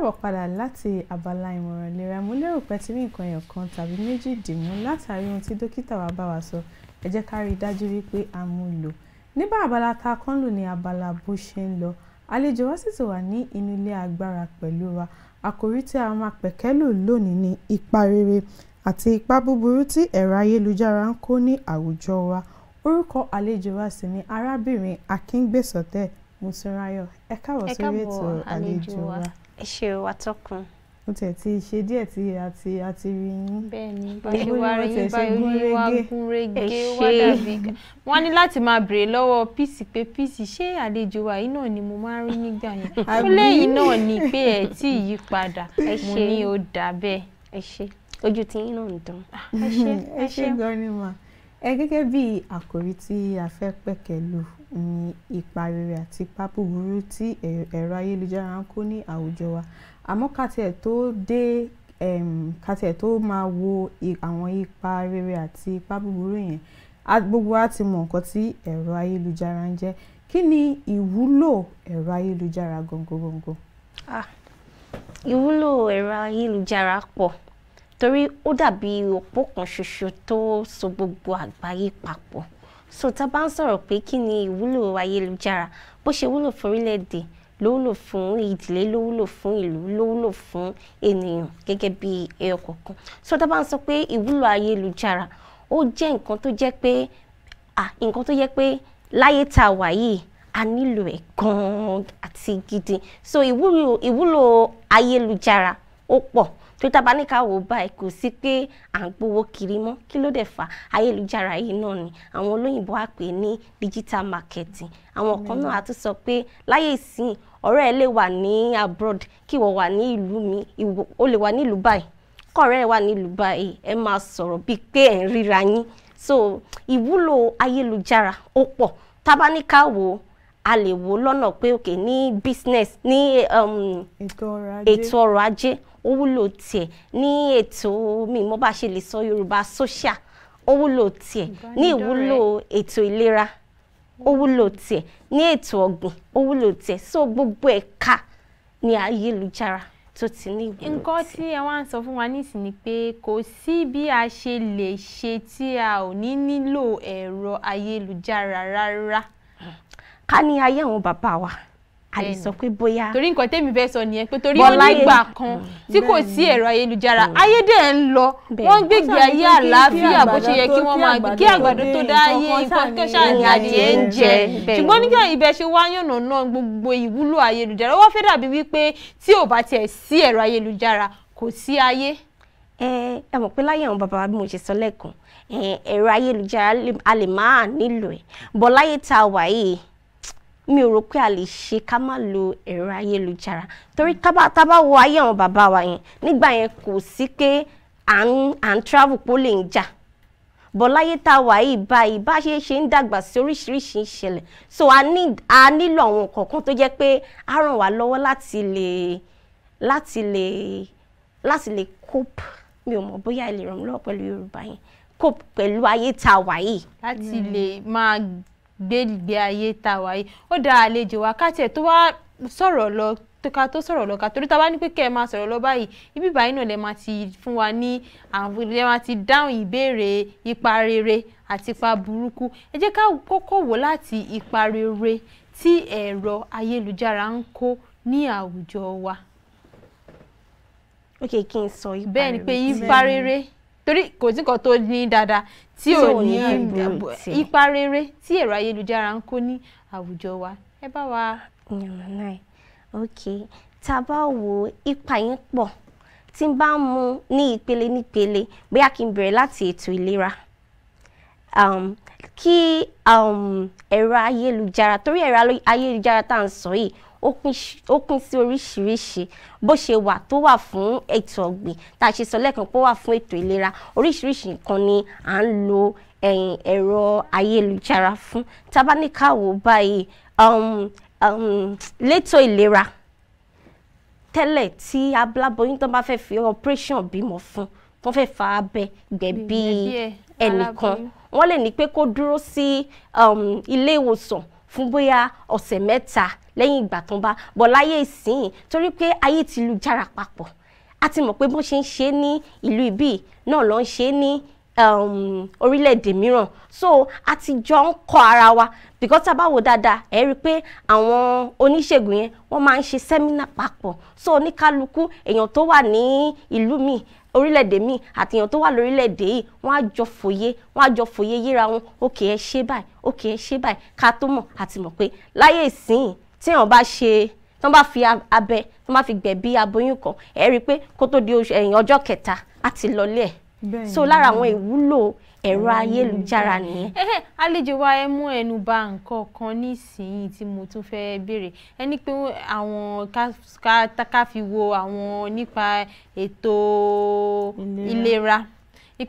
káàbọ̀ padà láti abala ìmọ̀ràn ìlera mo lérò pé ti rí nǹkan ẹ̀yọ̀ kan tàbí méjì dìmú látàrí ohun tí dókítà wa bá wa sọ ẹ jẹ́ ká rí i dájú wípé a mú un lò nígbà abala tá a kàn lò ní abala bó ṣe ń lọ àlejò wa sì ti wà ní inú ilé agbára pẹ̀lú wa àkòrí tí a máa pẹ̀kẹ́lò lónìí ni ipa rere àti ipa búburú tí ẹ̀rọ ayélujára ń kó ní àwùjọ wa orúkọ àlejò wa sì ni arábìnrin akíngbèsọtẹ mùsùnráyọ ẹ káàbọ̀ sórí ètò àlejò wa ẹ ṣe atọ́kùn. ó tiẹ̀ ti ṣe díẹ̀ tí a ti a ti rí yín. bẹ́ẹ̀ni báyìí wá rí báyìí wá gún régé wá dàbí wọn ní láti máa béèrè lọ́wọ́ píìsì pé píìsì ṣé àlejò wa yìí náà ni mo máa ń rí nígbà yẹn fúnlẹ yìí náà ni pé ẹ tí ì yí padà mo ní ó dà bẹ́ẹ̀. ẹ ṣe ojú tí yín náà ń dán. Ah, ẹ ṣe ẹ ṣe gan ni mà ẹ gẹ́gẹ́ bí àkòrí tí a fẹ́ pẹ̀kẹ́ lò ni ipa rere àti ipa búburú tí ẹ̀rọ ayélujára ń kó ní àwùjọ wa. Àmọ́ ká tí tó dé, ká tí tó máa wo àwọn ipa rere àti ipa búburú yẹn, gbogbo wa ti mọ nǹkan tí ẹ̀rọ ayélujára ń jẹ́. Kí ni ìwúlò ẹ̀rọ ayélujára gangan Ah! Ìwúlò ẹ̀rọ ayélujára pọ̀ torí ó dàbí òpó kan ṣoṣo tó so gbogbo àgbáyé papọ̀ so tá a bá ń sọ̀rọ̀ pé kí ni ìwúlò ayélujára bó ṣe wúlò fún orílẹ̀-èdè ló wúlò fún ìdílé ló wúlò fún ìlú ló wúlò fún ènìyàn gẹ́gẹ́ bí ẹyọ kọ̀ọ̀kan so tá a bá ń sọ pé ìwúlò ayélujára ó jẹ́ nǹkan tó jẹ́ pé nǹkan tó jẹ́ pé láyé tá a wà yìí a nílò ẹ̀ gan-an àti gidi so ìwúlò ayélujára ó pọ̀ tó tábà ní ká wò báyìí kò sí pé à ń gbowó kiri mọ́ kí ló dẹ̀ fà ayélujára yìí náà ni àwọn olóyìnbó á pè ní digital marketing àwọn kan náà á tún sọ pé láyé ìsìn ọ̀rẹ́ ẹ lè wà ní abroad kí ìwọ wà ní ìlú mi o lè wà ní ìlú báyìí kọ̀ọ̀rẹ́ ẹ wà ní ìlú báyìí ẹ máa sọ̀rọ̀ bíi pé ẹ̀ ń ríra yín so ìwúlò ayélujára ó pọ̀ tábà ní ká wò ó a lè wò lọ́nà pé òkè ní business ní um, ètò ọrọ̀ ajé ó wúlò tiẹ̀ ní ètò mi mo bá ṣe lè sọ Yorùbá social ó wúlò tiẹ̀ ní ìwúlò ètò ìlera ó wúlò tiẹ̀ ní ètò ọ̀gbìn ó wúlò tiẹ̀ so gbogbo ẹ̀ka ní ayélujára tó ti ní ìwúlò tiẹ̀. nǹkan tí ẹ wá ń sọ fún wa nísìnyí ni pé kò sí bí a ṣe lè ṣe tí a ò ní nílò ẹ̀rọ ayélujára rárá. ká ní ayé àwọn bàbá wa a lè sọ pé bóyá. torí nǹkan tẹ́mi fẹ́ sọ nìyẹn pé torí ó nígbà kan tí kò sí ẹ̀rọ ayélujára ayé ń lọ wọ́n ń gbègbè ayé àlàáfíà bó ṣe yẹ kí wọ́n máa kí àgbàdo tó dá ayé nǹkan kẹ́sà ni adìẹ ń jẹ ṣùgbọ́n nígbà ibẹ̀ ṣe wá yànnà náà gbogbo ìwúlò ayélujára wọ́n fẹ́ dàbí wípé tí ò bá tiẹ̀ sí ẹ̀rọ ayélujára kò sí ayé. ẹ ẹ mọ̀ pé láyé àwọn bàbá bí mo ṣe sọ lẹ́ẹ̀kan ẹ̀rọ ayélujára a lè máa nílò ẹ̀ bọ́ láyé tá mi ò rò pé a lè ṣe ká má lo ẹ̀rọ ayélujára torí tá bá wo ayé àwọn bàbá wa yẹn nígbà yẹn kò sí pé à ń travel pó lè ń jà bọ́láyé tá a wà yìí báyìí bá ṣe ṣe ń dàgbà sí oríṣiríṣi ìṣẹ̀lẹ̀ so a nílò àwọn nǹkan kan tó jẹ́ pé á ràn wá lọ́wọ́ láti lè láti lè láti lè cope mi ò mọ̀ bóyá ẹ lè ràn mí lọ́wọ́ pẹ̀lú Yorùbá yẹn cope pẹ̀lú ayé tá a wà yìí. láti lè máa gbégbé ayé tá a wáyé ó dá àlejò wa káàtì ẹ̀ tó wá sọ̀rọ̀ lọ ká tó sọ̀rọ̀ lọ ká torí tá a bá ní pé kẹ́ ẹ máa sọ̀rọ̀ lọ báyìí ibi báyìí náà lè máa ti fún wa ní àwọn lè máa ti dáhùn ìbéèrè ipa rere àti ipa burúkú ẹ jẹ́ ká kọ́kọ́ wò láti ipa rere tí ẹ̀rọ ayélujára ń kó ní àwùjọ wa. ok kí n sọ ipa rere bẹ́ẹ̀ ni ipa rere torí kò sí nǹkan tó ní dáadáa tí ò ní ipa rere tí ẹ̀rọ ayélujára ń kó ní àwùjọ wa ẹ bá wa. ok tá a bá wo ipa yẹn pọ̀ tí n bá mú ní ìpele nípele bóyá kí n bẹ̀rẹ̀ láti ètò ìlera um, kí um, ẹ̀rọ ayélujára torí ẹ̀rọ ayélujára tá à ń sọ yìí ó pín sí oríṣiríṣi bó ṣe wà tó wà fún ètò ọ̀gbìn tá a ṣe sọ lẹ́ẹ̀kan pé ó wà fún ètò ìlera oríṣiríṣi nǹkan ni à ń lo ẹ̀rọ ayélujára fún tábáníkàwò báyìí um, um, létò ìlera tẹ́lẹ̀ tí abúláboyún tó bá fẹ́ fi operation bímọ fún wọ́n fẹ́ fa abẹ gbẹ̀bí ẹnìkan wọ́n lè ní pé kó dúró sí um, ilé ìwòsàn fún bóyá ọ̀sẹ̀ mẹ́ta lẹ́yìn ìgbà tó ń bá bọ̀ láyé ìsìn torí pé ayé ti lu jára papọ̀ a ti mọ̀ pé bọ́n ṣe ń ṣe ní ìlú ibí náà ló ṣe ní um, orílẹ̀-èdè mìíràn so a ti jọ ń kọ́ ara wa because tá a bá wò dáadáa ẹ rí i pé àwọn oníṣègùn yẹn wọ́n máa ń ṣe sẹ́mínà papọ̀ so oníkálukú èèyàn tó wà ní ìlú mi orílẹ̀-èdè mi àti èèyàn tó wà lórílẹ̀-èdè yìí wọ́n á jọ fòye wọ́n á jọ fòye yíra wọn òkè ẹ ṣe báyìí òkè ẹ ṣe báyìí ká tó mọ̀ àti mọ̀ pé láyé ìsìn tí èèyàn bá ṣe tí wọ́n bá fi abẹ tí wọ́n bá fi gbẹ̀bí aboyún kan ẹ rí i pé kó tó di ẹ̀yìn ọjọ́ kẹta á ti lọlé ẹ̀ so lára àwọn ìwúlò ẹ̀rọ ayélujára nìyẹn. àlejò wa ẹ mú ẹnu bà nǹkan kan nísìnyí tí mo tún fẹ́ béèrè ẹ ní pé àwọn ká fi wo àwọn nípa ètò ìlera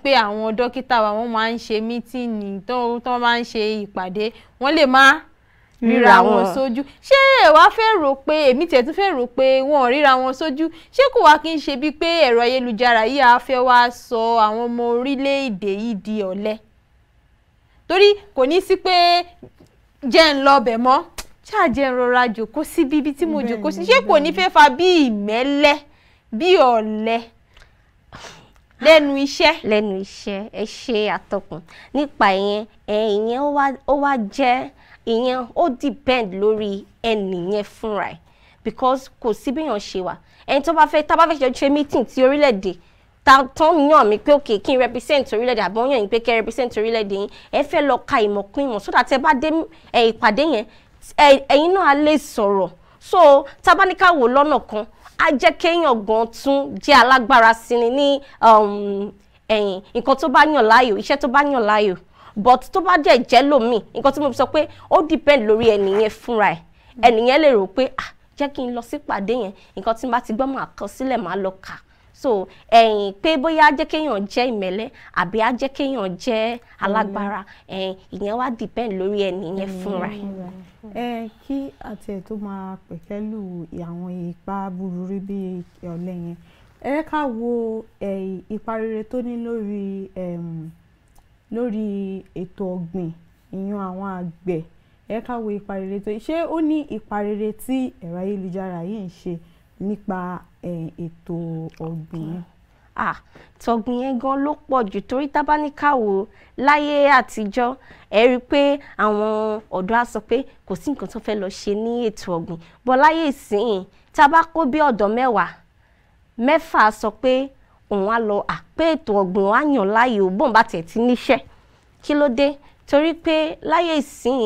pé àwọn dókítà wa wọ́n máa ń ṣe mítíìnì tó máa ń ṣe ìpàdé wọ́n lè máa ríra wọn sójú ṣé ẹ̀wá fẹ́ rò pé èmi tiẹ̀ tún fẹ́ rò pé wọn ò ríra wọn sójú ṣé kò wá kí n ṣe bíi pé ẹ̀rọ ayélujára yìí á fẹ́ wá sọ àwọn ọmọ orílẹ̀-èdè yìí di ọ̀lẹ torí kò ní sí pé jẹ́ ń lọ bẹ̀ mọ́ ṣáàjẹ́ ń rọra jòkó sí bíbí tí mo jòkó sí ṣé kò ní fẹ́ fa bí ìmẹ́lẹ́ bí ọ̀lẹ lẹ́nu iṣẹ́. lẹ́nu iṣẹ́ ẹ ṣe àtọkùn nípa ìyẹn ẹ̀yìn ó wá jẹ́ ìyẹn ó depend lórí ẹnìyẹn fúnra ẹ̀ because kò sí bí èèyàn ṣe wà ẹni tó bá fẹ́ tá a bá fẹ́ ṣe meeting ti orílẹ̀-èdè ta tó ń yàn mí pé òkè kí n represent orílẹ̀-èdè àbọ̀ yàn yín pé kẹ́ represent orílẹ̀-èdè yín ẹ fẹ́ lọ ka ìmọ̀ kún ìmọ̀ so that ẹ bá dé ìpàdé yẹn ẹ̀yin náà á lè sọ̀rọ̀ so tabaníkà wò lọ́nà kan á jẹ́ kéèyàn gan tún jẹ́ alágbára sí ni ní um, ẹ̀yìn nǹkan tó bá yàn láàyò iṣẹ́ tó bá yàn láàyò but tó bá jẹ́ ìjẹ́ lómi nǹkan tí mo sọ pé ó depend lórí ẹnìyẹn fúnra ẹ̀ ẹnìyẹn lè rò pé ah jẹ́ kí n lọ sí pàdé yẹn nǹkan tí n bá ti gbọ́ máa kọ sílẹ̀ máa lọ kà so ẹ̀yìn pé bóyá á jẹ́ kéèyàn jẹ́ ìmẹ̀lẹ́ àbí á jẹ́ kéèyàn jẹ́ alágbára ẹ̀yìn ìyẹn wá depend lórí ẹni yẹn fúnra ẹ̀. ẹ kí àti ẹ tó máa pẹ̀kẹ́lù àwọn ipa búburú bíi ọ̀lẹ yẹn ẹ ká wo ipa rere tó ní lórí lórí ètò ọ̀gbìn ìyan àwọn àgbẹ̀ ẹ ká wo ipa rere tó ṣé ó ní ipa rere tí ẹ̀rọ ayélujára yìí ń ṣe nípa ètò ọ̀gbìn Ah, tọ̀gbìn yẹn gan ló pọ̀ jù torí tábáníkàwò láyé àtijọ́ ẹ rí i pé àwọn ọ̀dọ́ á sọ pé kò sí nǹkan tó fẹ́ lọ ṣe ní ètò ọ̀gbìn bọ́ ìsìn tá a bá kó bí ọ̀dọ́ mẹ́wàá mẹ́fà sọ pé òun á lọ àpé ètò ọ̀gbìn wa yàn láàyò bóun bá tiẹ̀ ti níṣẹ́ kí ló dé torí pé láyé ìsìn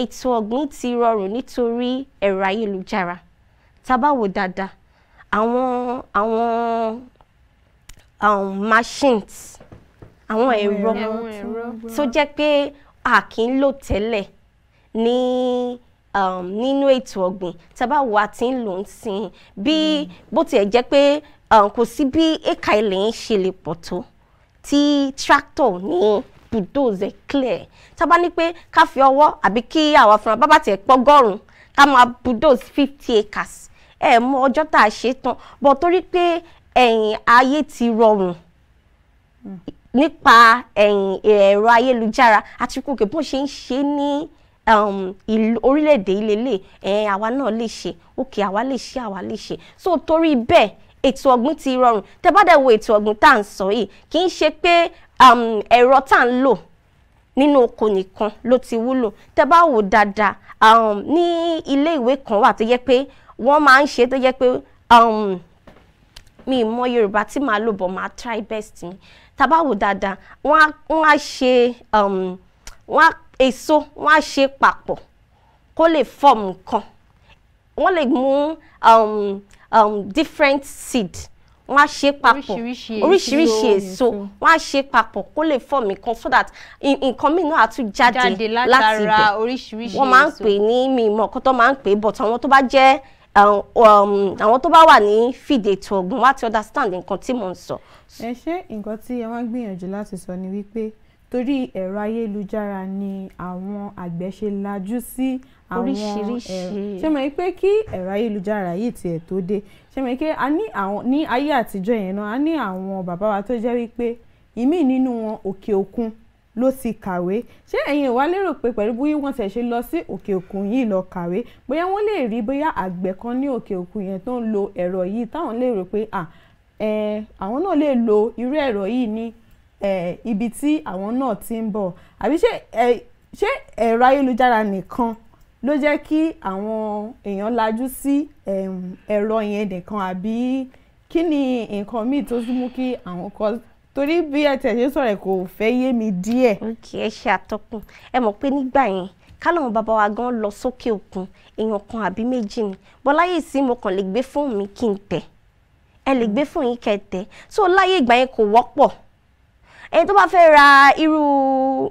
ètò ọ̀gbìn ti rọrùn nítorí ẹ̀rọ ayélujára tá dáadáa àwọn àwọn um, machines àwọn ẹ̀rọ tó jẹ́ pé a kì í lò tẹ́lẹ̀ ní. Um, nínú ètò ọ̀gbìn tábà wà tí ń lò ń sìn bí bó tiẹ̀ jẹ́ pé um, kò sí bí éka ilẹ̀ ń ṣe lè pọ̀ tó tí tractor ní bulldozer clear tábà ní pé ká fi ọwọ́ àbí kí àwa fúnra bábà tiẹ̀ pọ́gọ́rùn ká máa bulldoze fifty acres Eh mọ ọjọ́ tá a ṣe tán bọ̀ torí pé ẹ̀yìn ayé ti rọrùn nípa ẹ̀rọ ayélujára àti kòkè bó ṣe ń ṣe ní. Um, orílẹ̀-èdè ilélẹ̀ ẹ̀ àwa náà lè ṣe òkè àwa lè ṣe àwa lè ṣe so torí bẹ́ẹ̀ ètò ọ̀gbìn ti rọrùn tẹ́ bá dẹ̀ wo ètò ọ̀gbìn tá à ń sọ yìí kì í ṣe pé um, ẹ̀rọ tá à ń lò nínú oko nìkan ló ti wúlò tẹ́ bá wò dáadáa um, ní ilé ìwé kan wà tó yẹ pé wọ́n máa ń ṣe tó yẹ pé mi mọ Yorùbá tí màá lò bọ̀ màá try best mi tá bá wò dáadáa wọ́n á ṣe wọ́n á èso wọ́n á ṣe papọ̀ kó lè form nǹkan wọ́n lè mú um, um, different seed wọ́n á ṣe papọ̀ oríṣiríṣi èso wọ́n á ṣe papọ̀ kó lè form nǹkan so that nǹkan míì náà á tún jáde láti ibẹ̀ wọ́n máa ń pè ní mi ìmọ̀ ọ̀kan tó máa ń pè é but àwọn tó bá jẹ́ um, um, àwọn tó bá wà ní fìdètò ọ̀gbìn wá ti understand nǹkan tí mò ń sọ. ẹ ṣe nǹkan tí ẹ wá gbìyànjú láti sọ ni wípé torí ẹ̀rọ ayélujára ni àwọn àgbẹ̀ ṣe lajú sí àwọn ẹ̀rọ ṣe mọ̀ pé kí ẹ̀rọ ayélujára yìí tiẹ̀ tó dé ṣe mọ̀ pé a ní àwọn ní ayé àtijọ́ yẹn náà a ní àwọn bàbá wa tó jẹ́ wípé ìmíì nínú wọn òkè òkun ló ti kàwé ṣé ẹ̀yin ìwà lérò pé pẹ̀lú bí wọ́n ṣẹ̀ ṣe lọ sí òkè òkun yìí lọ kàwé bóyá wọ́n lè rí bóyá àgbẹ̀ kan ní òkè òkun yẹn tó ń lo ẹ̀rọ yìí táwọn lè rò pé à ẹ̀ àwọn náà lè lo irú ẹ̀rọ yìí ní ibi tí àwọn náà ti ń bọ̀ àbí ṣé ẹ̀rọ ayélujára nìkan ló jẹ́ kí àwọn èèyàn lajú sí ẹ̀rọ yẹn nìkan àbí kí ni nǹkan míì tó tún mú kí àwọn kan torí bí ẹ tẹ̀sí sọ̀rọ̀ kò fẹ́ yé mi díẹ̀. ok ẹ ṣe àtọkùn ẹ mọ̀ pé nígbà yẹn káláwọn bàbá wa gan lọ sókè òkun èèyàn kan àbí méjì ni bọ́láyè sí mo kàn lè gbé fóònù mi kí n tẹ̀ ẹ lè gbé fóònù yín kẹ́ tẹ̀ so láyé ìgbà yẹn kò wọ́pọ̀ ẹni tó bá fẹ́ ra irú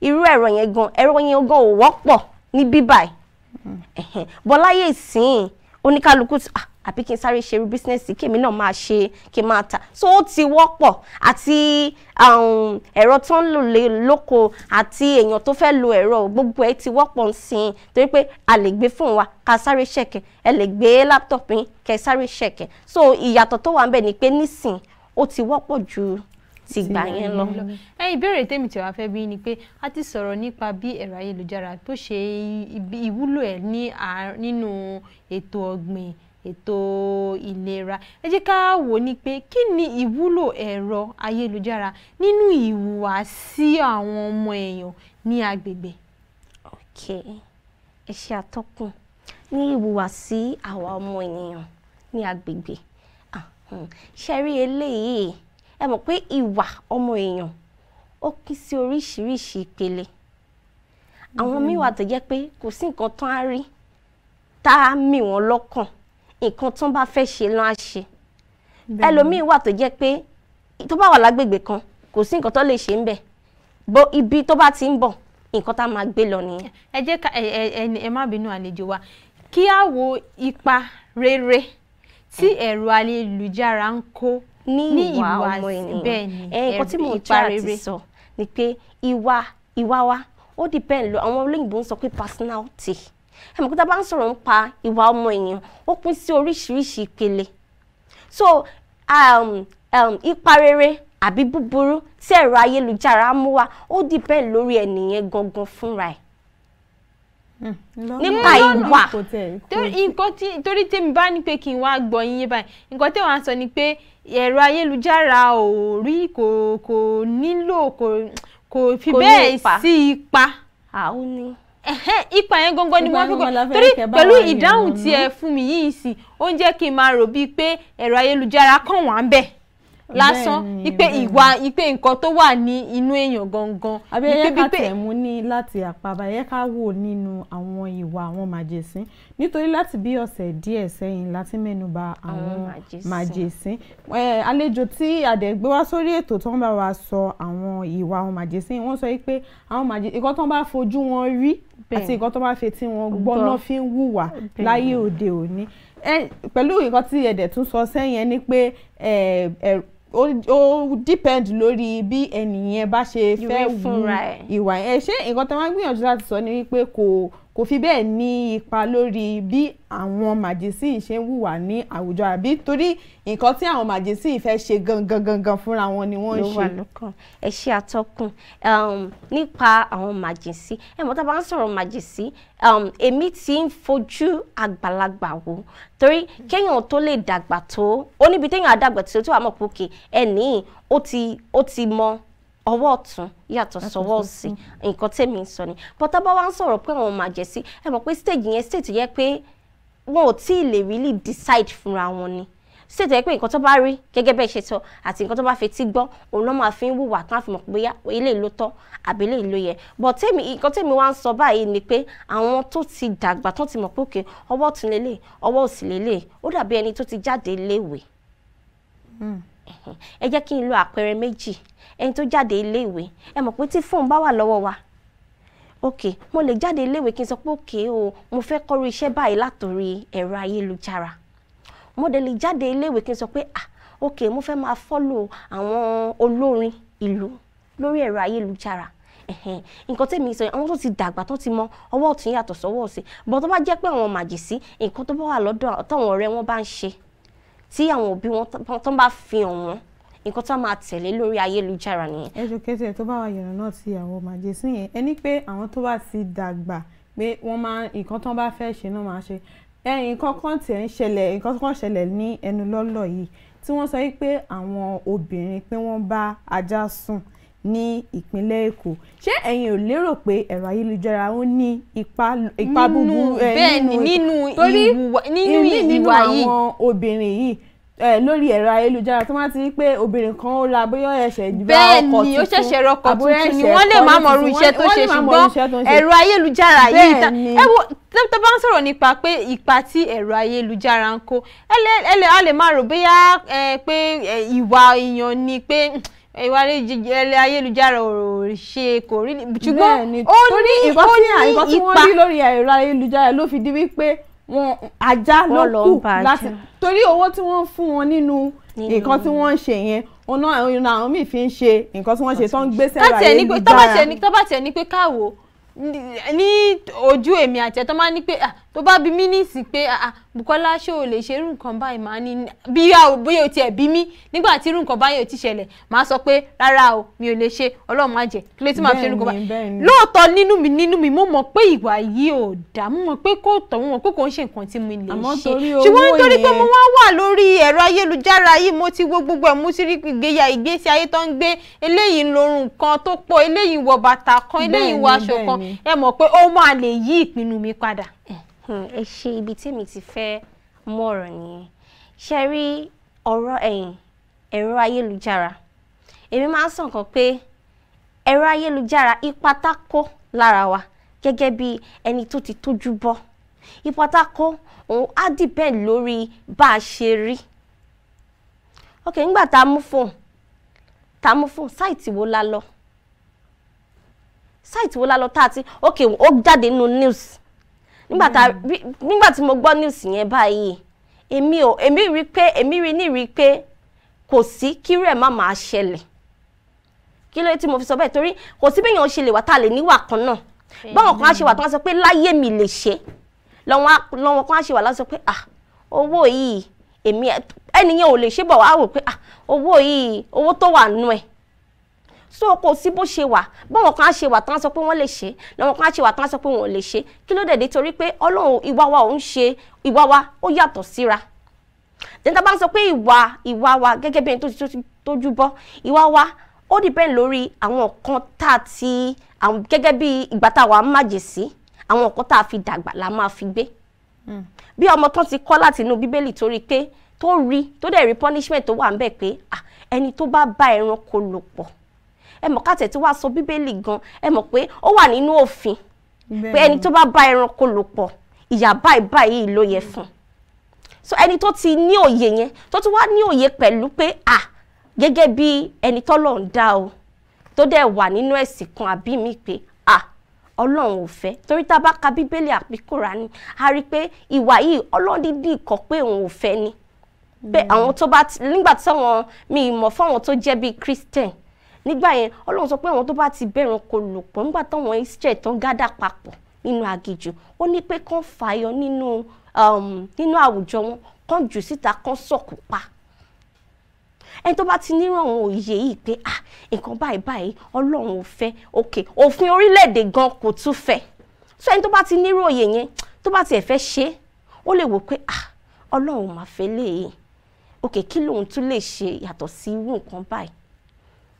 irú ẹ̀rọ yẹn gan ẹ̀rọ yẹn gan ò wọ́pọ̀ ní bíbáyìí bọ́láyé ìsìn oníkálukú ah, àbí kí n sáré ṣe bísínẹ́sì kí èmi náà máa ṣe kí n máa tà so ó ti wọ́pọ̀ àti um, ẹ̀rọ tó ń lò lè lóko àti èèyàn tó fẹ́ lo ẹ̀rọ gbogbo ẹ̀ ti wọ́pọ̀ ń sìn torí pé a lè gbé fóònù wa ká sáré ṣẹ̀kẹ̀ ẹ lè gbé láptọ̀pù yín kẹ́ sáré ṣẹ̀kẹ̀ so ìyàtọ̀ tó wà ń bẹ̀ ni pé nísìn ó ti wọ́pọ̀ ju ti gbà yẹn lọ. ẹ ìbéèrè tèmi tí wàá fẹ́ bí ni pé a ti sọ̀rọ̀ nípa bí ẹ̀rọ ayélujára tó ṣe ìwúlò ẹ̀ nínú ètò ọ̀gbìn ètò ìlera ẹ jẹ́ ká wò ní pé kí ni ìwúlò ẹ̀rọ ayélujára nínú ìhùwàsí àwọn ọmọ èèyàn ní agbègbè. ok ẹ ṣe àtọ́kùn ní ìhùwàsí àwa ọmọ ènìyàn ní agbègbè ṣe rí eléyìí ẹ mọ̀ pé ìwà ọmọ èèyàn ó pín sí oríṣiríṣi ìpele àwọn míì mm-hmm. wà tó jẹ́ pé kò sí nǹkan tán á rí tá a mì wọ́n lọ́kàn nǹkan tán bá fẹ́ ṣe lọ́n á ṣe ẹlòmíì wà tó jẹ́ pé tó bá wà lágbègbè kan kò sí nǹkan tó lè ṣe ń bẹ̀ bó ibi tó bá ti ń bọ̀ nǹkan tá a máa gbé lọ nìyẹn. ẹ jẹ́ ká ẹ ẹ ẹ má bínú àlejò wa kí á wo ipa rere tí ẹ̀rọ ayélujára ń kó ní ìwà ọmọ ènìyàn bẹ́ẹ̀ ni nǹkan tí mò ń try àti sọ ni pé ìwà ìwà wa ó depend lo àwọn olóyìnbó ń sọ pé personality ẹ mọ̀ pé tá a bá ń sọ̀rọ̀ nípa ìwà ọmọ ènìyàn ó pín sí oríṣiríṣi ìpele so um, um, ipa rere àbí búburú tí ẹ̀rọ ayélujára mú wa ó depend lórí ẹnìyẹn gangan fúnra ẹ̀ Hmm. nípa ìwà torí tèmi bá ní pé kí n wá gbọ́ yín yé báyìí nǹkan tẹ́ wàá sọ ni pé ẹ̀rọ ayélujára ò rí kò kò nílò kò kò fi bẹ́ẹ̀ sí ipa. àwọn ni ipa yẹn gangan ni mo fi kọ torí pẹ̀lú ìdáhùn tí ẹ fún mi yìí sí ó ń jẹ́ kí n máa rò bíi pé ẹ̀rọ ayélujára kàn wá ń bẹ̀ lásán ipe ìwà ipe nǹkan tó wà ní inú èèyàn gangan. abẹ́yẹ ká tẹ̀mú ní láti àpábá yẹ ká wò nínú àwọn ìwà àwọn màjèsín nítorí láti bí ọ̀sẹ̀ díẹ̀ sẹ́yìn láti mẹ́nuba àwọn màjèsín àlejò tí àdẹ̀gbé wá sórí ètò tó ń bá wa sọ àwọn ìwà àwọn màjèsín wọ́n sọ pé àwọn màjèsín nǹkan tó ń bá fojú wọn rí àti nǹkan tó bá fi tí wọn gbọ́ náà fi ń wùwà láyé òde òní pẹ̀lú nǹkan tí ẹ̀dẹ̀ tún sọ sẹ́yìn ẹ pé ó depend lórí bí ẹnìyẹn bá ṣe fẹ́ wu ìwà yẹn ṣé nǹkan tó máa ń gbìyànjú láti sọ ni wípé kò kò fi bẹ́ẹ̀ ní ipa lórí bí àwọn màjèsín ṣe ń hùwà ní àwùjọ àbí torí nǹkan tí àwọn màjèsín fẹ́ ṣe gangan gangan fúnra wọn ni wọ́n ń ṣe. ló wà lọ́kàn ẹ ṣe àtọkùn um, nípa àwọn màjèsín ẹ mọ̀ tá a bá ń sọ̀rọ̀ màjèsín um, èmi ti ń fojú àgbàlagbà wò torí kéèyàn tó lè dàgbà tó ó níbi téèyàn á dàgbà tó tó àmọ̀ pòkè ẹ̀ ní ó ti mọ ọwọ́ ọ̀tún yàtọ̀ sọ́wọ́ òsì nǹkan tèmi ń sọ ni but tá bá wá ń sọ̀rọ̀ pé àwọn máa jẹ́ sí ẹ mọ̀ pé stage yẹn stage yẹ pé wọn ò tí ì lè really decide fúnra wọn ni stage yẹ pé nǹkan tó bá rí gẹ́gẹ́ bẹ́ẹ̀ ṣe sọ àti nǹkan tó bá fetí gbọ́ òun náà máa fi ń wùwà tán àfihàn pé eléyìí ló tọ́ àbí eléyìí ló yẹ but tèmi nǹkan tèmi wá ń sọ báyìí ni pé àwọn tó ti dàgbà tó ti mọ̀ pé òkè ọwọ́ ọ̀tún lélẹ̀ ọwọ́ òsì lélẹ̀ ó dàbí ẹni tó ti jáde léèwé. Mm ẹ jẹ́ kí n lo àpẹẹrẹ méjì ẹni tó jáde iléèwé ẹ mọ̀ pé tí fóònù bá wà lọ́wọ́ wa ok mo lè jáde iléèwé kí n sọ pé òkè o mo fẹ́ kọ́rú iṣẹ́ báyìí látòrí ẹ̀rọ ayélujára mo dẹ̀ lè jáde iléèwé kí n sọ pé ah ok mo fẹ́ máa fọ́lò àwọn olórin ìlú lórí ẹ̀rọ ayélujára nǹkan tẹ́mi sọ yẹn àwọn tó ti dàgbà tó ti mọ ọwọ́ ọ̀tún yàtọ̀ sọ́wọ́ òsì bọ́ tó bá jẹ́ pé àwọn màjèsí nǹkan tó bá wà lọ́dọ̀ táwọn ọ̀rẹ́ wọn bá ń ṣe tí àwọn òbí wọn tó ń bá fi hàn wọ́n nǹkan tó máa tẹ̀lé lórí ayélujára nìyẹn. educated tó bá wà yànnà náà ti àwọn ọmọ àjẹ sí yẹn ẹni pé àwọn tó bá ti dàgbà pé wọ́n máa nǹkan tó bá fẹ́ ṣe náà máa ṣe ẹ̀yìn kankan tiẹ̀ ń ṣẹlẹ̀ nǹkan kan ṣẹlẹ̀ ní ẹnu lọ́lọ́ yìí tí wọ́n sọ pé àwọn obìnrin pé wọ́n bá ajá sùn ní ìpínlẹ̀ èkó ṣé ẹ̀yin ò lérò pé ẹ̀rọ ayélujára ó ní ipa búburú eh, nínú nínú ìwà yìí àwọn obìnrin yìí eh, lórí ẹ̀rọ ayélujára tó máa ti rí pé obìnrin kan ó ra bóyá ẹ̀ṣẹ̀ ìjìbá ọkọ̀ tuntun bẹ́ẹ̀ ni ó ṣẹ̀ṣẹ̀ rọkọ̀ tuntun ni wọ́n lè má mọ irú iṣẹ́ tó ṣe ṣùgbọ́n ẹ̀rọ ayélujára yìí ẹ wo tó bá ń sọ̀rọ̀ nípa pé ipa tí ẹ̀rọ ayélujára ń kó ẹ lè a lè máa rò bóyá eh, pé ìwà èèyàn ni pé ìwà ilẹ̀ ayélujára ò ṣe kò rí ṣùgbọ́n ó ní ó ní ipa nǹkan tí wọ́n rí lórí ẹ̀rọ ayélujára ló fi di wípé wọn ajá ló kù láti torí owó tí wọ́n fún wọn nínú nǹkan tí wọ́n ń ṣe yẹn ọ̀nà àwọn míì fi ń ṣe nǹkan tí wọ́n ṣe tó ń gbé sẹ́ra ayélujára. tó bá pé káwo ní ojú èmi àti ẹ̀ tó máa ní pé ah, tó bá bí mí nísìn pé ah, ah, Bukola ṣé o lè ṣe irú nǹkan báyìí máa ní bí o tiẹ̀ bí mí nígbà tí irú nǹkan báyìí ò ti ṣẹlẹ̀ máa sọ pé rárá o mi ò lè ṣe ọlọ́run má jẹ́ kí ló ti máa fi irú nǹkan báyìí lóòótọ́ nínú mi nínú mi mo mọ̀ pé ìwà yìí ò dá mo mọ̀ pé kò tọ́ mo mọ̀ pé kò ń ṣe nǹkan tí mo lè ṣe ṣùgbọ́n nítorí pé mo wá wà lórí ẹ̀rọ ayélujára yìí mo ti wo gbogbo ẹ̀ mo ti rí ìgbéyà ìgbésí ayé tó ń gbé eléyìí ń lorun kan tó pọ̀ eléyìí wọ bàtà kan eléyìí wọ aṣọ kan ẹ mọ̀ pé ó máa lè yí ìpinnu mi padà. ẹ ṣe ibi tí mi ti fẹ́ mú ọ̀rọ̀ nìyẹn ṣe rí ọ̀rọ̀ ẹ̀yìn ẹ̀rọ ayélujára èmi máa ń sọ nǹkan pé ẹ̀rọ ayélujára ipa tá kó lára wa gẹ́gẹ́ bí ẹni tó ti tójú bọ́ ipa òun á dìbẹ́ẹ̀ lórí bá a ṣe rí ok nígbà tá a mú fóun tá a mú fóun sáìtì wo la lọ site wo la lọ tá a ti ok ó jáde nínú news nígbà tá hmm. nígbà tí mo gbọ́ news yẹn báyìí èmi ò èmi rí pé èmi rí ní rí pé kò sí kírú ẹ̀ má máa ṣẹlẹ̀ kí ló tí mo fi sọ bẹ́ẹ̀ torí kò sí bẹ́ẹ̀ yẹn ò ṣe lè wà tá a kan náà hmm. báwọn kan á ṣe wà tó wá sọ pé láyé mi lè ṣe lọ́wọ́n kan á ṣe wà láti sọ pé ah owó yìí èmi ẹnìyẹn ò lè ṣe bọ̀ wá wò pé ah owó yìí owó tó wà nú ẹ̀ so kò sí bó ṣe wà báwọn kan á ṣe wà tán sọ pé wọ́n lè ṣe làwọn kan á ṣe wà tán sọ pé wọ́n lè ṣe kí ló dé dé torí pé ọlọ́run ìwà wa ò ṣe ìwà wa ó yàtọ̀ síra tẹ́ńtà bá ń sọ pé ìwà ìwà wa gẹ́gẹ́ bí ẹni tó ti tójú bọ́ ìwà wa ó dìpẹ́ǹd lórí àwọn kan tá a ti gẹ́gẹ́ bí ìgbà tá a wà májè sí àwọn nǹkan tá a fi dàgbà la máa fi gbé hmm. bí ọmọ tán ti kọ́ láti inú bíbélì torí pé tó rí tó dẹ̀ rí punishment tó wà ń bẹ̀ pé ẹni tó bá bá ẹranko lò pọ̀ ẹ mọ̀ ká tẹ̀tí wá sọ bíbélì gan ẹ mọ̀ pé ó wà nínú òfin pé ẹni tó bá bá ẹranko lò pọ̀ ìyà báyìí báyìí ló yẹ fún so ẹni tó ti ní òye yẹn tó ti wá ní òye pẹ̀lú pé à gẹ́gẹ́ bí ẹni tọ́lọ̀ ń dá o tó dẹ̀ wà nínú ẹ̀sìn kan àbí mi pé à ọlọ́run ò fẹ́ torí tá a bá ka bíbélì àbí Kùránì a rí i pé ìwà yìí ọlọ́run dídì kọ pé òun ò fẹ́ ni bẹ́ẹ̀ àwọn tó bá nígbà tí àwọn mi mọ̀ fún àwọn tó jẹ́ bíi Christian nígbà yẹn ọlọ́run sọ pé àwọn tó bá ti bẹ̀rùn kò lò pọ̀ nígbà táwọn israel tán gádà papọ̀ nínú aginjù ó ní pé kán fàyọ nínú um, àwùjọ wọn kán jù síta kán sọ̀kù pa ẹni tó bá ti nírò àwọn òye yìí pé ah nǹkan báyìí báyìí ọlọ́run ò fẹ́ òkè òfin orílẹ̀-èdè gan kò tún fẹ́ so ẹni tó bá ti nírò òye yẹn tó bá tiẹ̀ fẹ́ ṣe é ó lè wò pé ah ọlọ́run máa fẹ́ léyìí e. òkè kí lòun tún lè ṣe yàtọ̀ sí irú nǹkan báyìí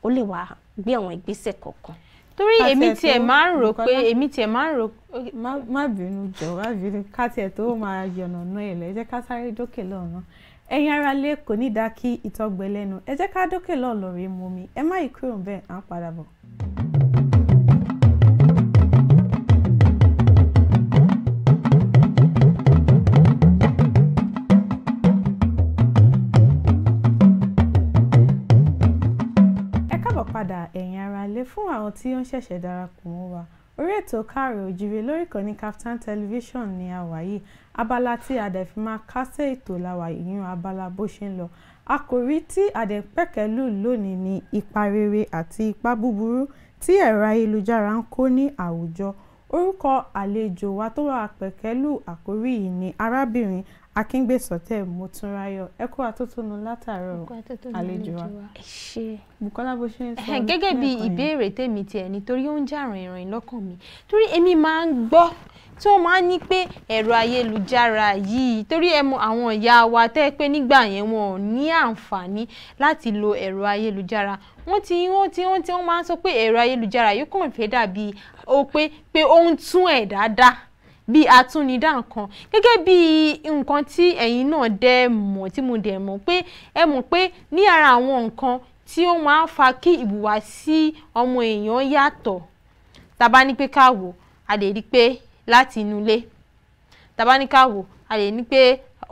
o lè wá gbe àwọn ìgbésẹ̀ kọ̀ọ̀kan. torí èmi tiẹ̀ máa ń rò pé èmi tiẹ̀ máa ń rò. má bínú jọ má bínú ká tiẹ̀ tó máa yànnà náà ẹ̀ jẹ́ ká sáré ara lè kò ní dáa kí ìtọ́gbẹ́ lẹ́nu ẹ jẹ́ ká dókè mi ẹ má yí kúrò bẹ́ẹ̀ padà ẹ̀yin aráalé fún àwọn tí ó ń ṣẹ̀ṣẹ̀ darapọ̀ mọ́ wa orí ètò káàrọ̀ òjìrè lórí ìkànnì Kaftan television ni a wà yìí abala tí adẹ̀fi máa kásẹ̀ ètò làwà yìnyín abala bó ṣe ń lọ àkòrí tí adẹ̀pẹ̀kẹ́lù lónìí ni ipa rere àti ipa búburú tí ẹ̀rọ ayélujára ń kó ní àwùjọ orúkọ àlejò wa tó wà pẹ̀kẹ́lù àkòrí yìí ni arábìnrin akíngbèsọtẹ mọtúnráyọ ẹ kó atótónu látàárọ̀ àlejò wa Bùkọ́lá bó ṣe ń sọ gẹ́gẹ́ bí ìbéèrè tèmi tiẹ̀ nítorí ó ń jà rìnrìn lọ́kàn mi torí èmi máa ń gbọ́ tí wọ́n máa ń ní pé ẹ̀rọ ayélujára yìí torí ẹ mọ̀ àwọn ìyá wa tẹ́ pé nígbà yẹn wọn ò ní àǹfààní láti lo ẹ̀rọ ayélujára wọ́n ti wọ́n ti wọ́n ti wọ́n máa ń sọ pé ẹ̀rọ ayélujára yìí kàn fẹ́ dàbí ó pé pé ó ń tún ẹ̀ dáadáa bí atúnidá nǹkan gẹ́gẹ́ bí nǹkan tí ẹ̀yin náà dẹ̀ mọ̀ tí mo dẹ̀ mọ̀ pé ẹ mọ̀ pé ní ara àwọn nǹkan tí ó máa ń fa kí ìhùwàsí ọmọ èèyàn yàtọ̀ tàbá ní pé ká wò a lè rí pé láti inú ilé tàbá ní ká wò a lè ní pé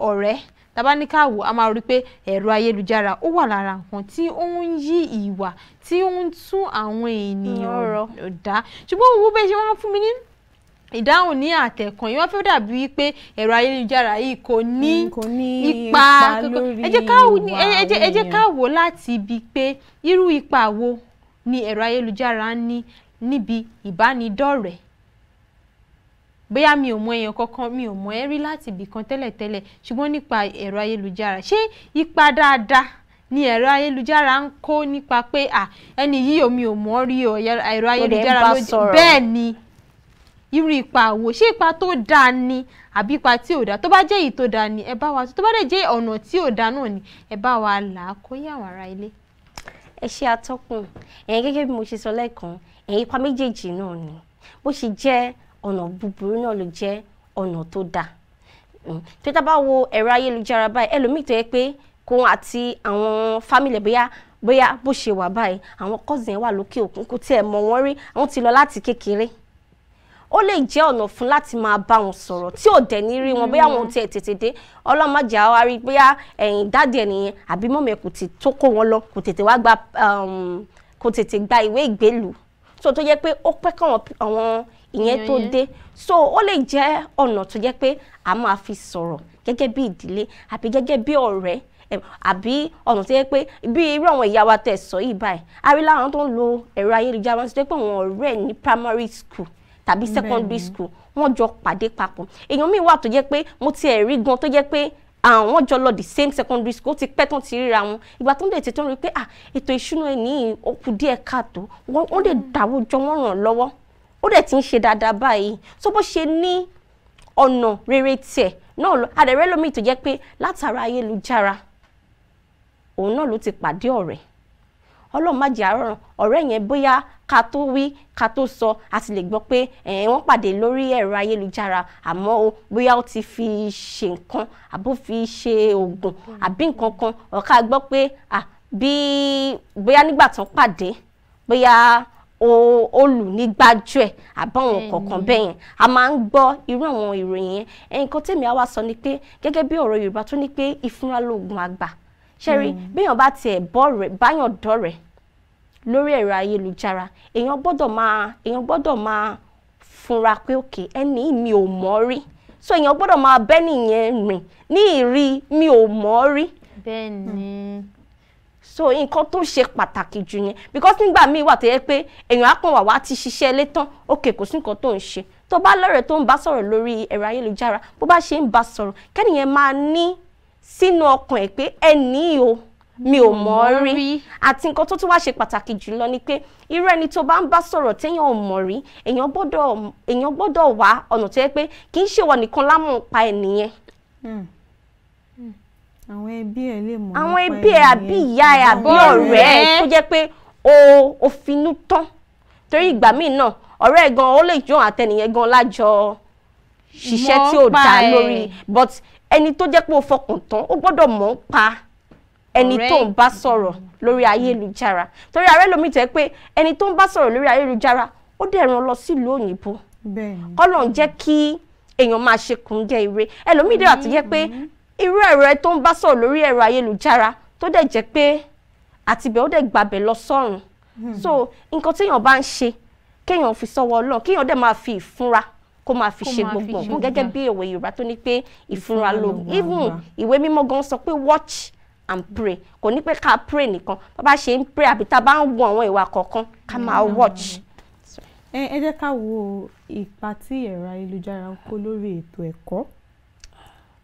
ọ̀rẹ́ tàbá ní ká wò a máa rí pé ẹ̀rọ ayélujára ó wà lára nǹkan tí ó ń yí ìwà tí ó ń tún àwọn ènìyàn ọ̀dá ṣùgbọ́n owó bẹ́ẹ̀ ṣe wọ́n fún mi ní ìdáhùn ní àtẹ̀kàn yìí wọ́n fẹ́ dàbí wípé ẹ̀rọ ayélujára yìí kò ní mm, ipa ẹ jẹ́ ká wò láti ibi pé irú ipa wo ni ẹ̀rọ ayélujára ń ní níbi ìbánidọ́rẹ̀ẹ́ bóyá mi ò mọ èèyàn kankan mi ò mọ ẹ rí láti ibì kan tẹ́lẹ̀tẹ́lẹ̀ ṣùgbọ́n nípa ẹ̀rọ ayélujára ṣé ipa dáadáa ni ẹ̀rọ ayélujára ń kó nípa pé ẹni yìí omi ò mọ̀ rí ẹ̀rọ ayélujára ló jẹ́ bẹ́ẹ̀ ni irú ipa wo ṣé ipa tó dáa ni àbí ipa tí ò dáa tó bá jẹ́ èyí tó dáa ni ẹ bá wa tó bá dẹ̀ jẹ́ ọ̀nà tí ò dáa náà ni ẹ bá wa là á kó yé àwọn ará ilé. ẹ ṣe atọ́kùn ẹ̀yin gẹ́gẹ́ bí mo ṣe sọ lẹ́ẹ̀kan ẹ̀yin ipa méjèèjì náà ni bó ṣe jẹ́ ọ̀nà búburú náà ló jẹ́ ọ̀nà tó dáa hmm. tó tá wo ẹ̀rọ ayélujára báyìí ẹlòmíì tó yẹ pé kóun àti àwọn fámìlì bóyá bóyá bó ṣe wà báyìí àwọn kọ́sìn wà lókè òkun kò tiẹ̀ mọ̀ wọ́n rí àwọn ti lọ láti kékeré ó lè jẹ́ ọ̀nà fún láti máa bá wọn sọ̀rọ̀ tí ò dẹ̀ ní rí wọn bóyá wọn ò tiẹ̀ tètè dé ọlọ́mọjà wa rí bóyá ẹ̀yìn dáàdì ẹ̀ nìyẹn àbí mọ̀mọ́ ẹ̀ kò tètè tó kó wọn lọ kò tètè wá gba um, kò tètè gba ìwé ìgbélùú so tó yẹ pé ó pẹ́ káwọn àwọn ìyẹn tó dé so ó lè jẹ́ ọ̀nà tó yẹ pé a máa fi sọ̀rọ̀ gẹ́gẹ́ bí ìdílé àbí gẹ́gẹ́ bí ọ̀rẹ́ àbí ọ̀nà tó yẹ pé bí irú àwọn ìyá wa tẹ̀ sọ yìí báyìí a rí láwọn tó ń lo ẹ̀rọ ayélujára wọn ti dé pé àwọn ọ̀rẹ́ ní primary school tàbí secondary school wọ́n jọ pàdé papọ̀ èèyàn míì wà tó jẹ́ pé mo ti ẹ̀ rí gan tó jẹ́ pé àwọn jọ lọ the same secondary school ti pẹ́ tán ti ríra wọn ìgbà tó ń dẹ̀ tètè rí pé ah ètò ìṣúná ẹ̀ ní okùn díẹ̀ káàtó wọ́n lè hmm. dáwọ́ jọ wọ́n ràn lọ́wọ́ ó dẹ̀ ti ń ṣe dáadáa báyìí tó bó ṣe ní ọ̀nà rere tiẹ̀ náà lọ àdẹ̀rẹ́ lómi tó pé látara ayélujára òun náà ló ti pàdé ọ̀rẹ́ ọlọ́run má jẹ́ àárọ̀ ọ̀rẹ́ yẹn bóyá ká tó wí ká tó sọ a sì lè gbọ́ pé wọ́n pàdé lórí ẹ̀rọ ayélujára àmọ́ o bóyá ó ti fi ṣe nǹkan àbó fi ṣe oògùn àbí nǹkan kan ó ká gbọ́ pé bí bóyá nígbà tán pàdé bóyá olùnígbájú ẹ àbáwọn kọ̀ọ̀kan bẹ́ẹ̀ yẹn a máa ń gbọ́ irú àwọn ìròyìn yẹn nǹkan tèmi á wá sọ ni pé gẹ́gẹ́ bí ọ̀rọ̀ Yorùbá tó ní pé ìfúnra lóògùn àgbà ṣẹ́rí hmm. béèyàn bá tiẹ̀ bọ́ọ̀rẹ̀ báyàn dọ́rẹ̀ lórí ẹ̀rọ ayélujára èèyàn gbọ́dọ̀ máa èèyàn gbọ́dọ̀ máa funra pé òkè ẹni mi ò mọ̀ rí so èèyàn gbọ́dọ̀ máa bẹ́ nìyẹn rìn ní ìrí mi ò mọ̀ rí. bẹ́ẹ̀ni. so nǹkan tó ṣe pàtàkì jù yẹn because nígbà míì wà tó yẹ pé èèyàn á kàn wà wá ti ṣiṣẹ́ ilé tán òkè kò sí nǹkan tó ń ṣe tó bá lọ́rẹ̀ẹ́ tó ń bá sọ̀rọ̀ lórí ẹ̀rọ ayélujára bó bá ṣe ń bá sọ̀rọ̀ kẹ́nìyẹn máa ní sínú ọkàn ẹ̀ pé ẹni o mi ò mọ̀ ọ́ rí àti nǹkan tó tún wá ṣe pàtàkì jùlọ ni pé irú ẹni tó bá ń bá sọ̀rọ̀ téèyàn ò mọ̀ rí èèyàn gbọ́dọ̀ wá ọ̀nà tó yẹ pé kì í ṣèwọ nìkan lámọ̀ pa ẹ̀ nìyẹn hmm. Hmm. àwọn ẹbí ẹ lè mọ àwọn ẹbí ẹ àbí ìyá ẹ àbí ọ̀rẹ́ ẹ tó jẹ́ pé o ò finú tán torí ìgbà míì náà ọ̀rẹ́ ẹ gan ó lè jọ àtẹnìyẹn gan lájọ ṣiṣẹ́ tí ò dá lórí but ẹni tó jẹ́ pé o fọkàn tán ó gbọ́dọ̀ mọ̀ ń pa ẹni tó ń bá sọ̀rọ̀ lórí ayélujára torí ààrẹ lomi tẹ́ pé ẹni tó ń bá sọ̀rọ̀ lórí ayélujára ó dẹ̀ ràn lọ sílùú òyìnbó kọ́lọ̀ ń jẹ́ kí èèyàn máa ṣe kùnjẹ́ ire ẹlòmíì dẹ̀ wà tó jẹ́ pé irú ẹ̀rọ ẹ tó ń bá sọ̀rọ̀ lórí ẹ̀rọ ayélujára tó dẹ̀ jẹ́ pé àtibẹ̀ ó dẹ̀ gbàbẹ̀ lọ sọ́run hmm. so nǹkan téèyàn bá ń ṣe kéèyàn fi sọ́wọ́ ọlọ́run kéèyàn dẹ̀ máa fi ìfúnra kó máa fi ṣe gbogbo ọ̀gbọ́n gẹ́gẹ́ bí òwe Yorùbá tó ní pé ìfúnra lóògùn even ìwé mímọ́ gan sọ pé watch and pray kò ní pé ká pray nìkan bá bá ṣe ń pray àbí tá a bá ń wo àwọn ìwà kọ̀ọ̀kan ká máa watch. ẹ jẹ́ ká wo ipa tí ẹ̀rọ ayélujára ń kó lórí ètò ẹ̀kọ́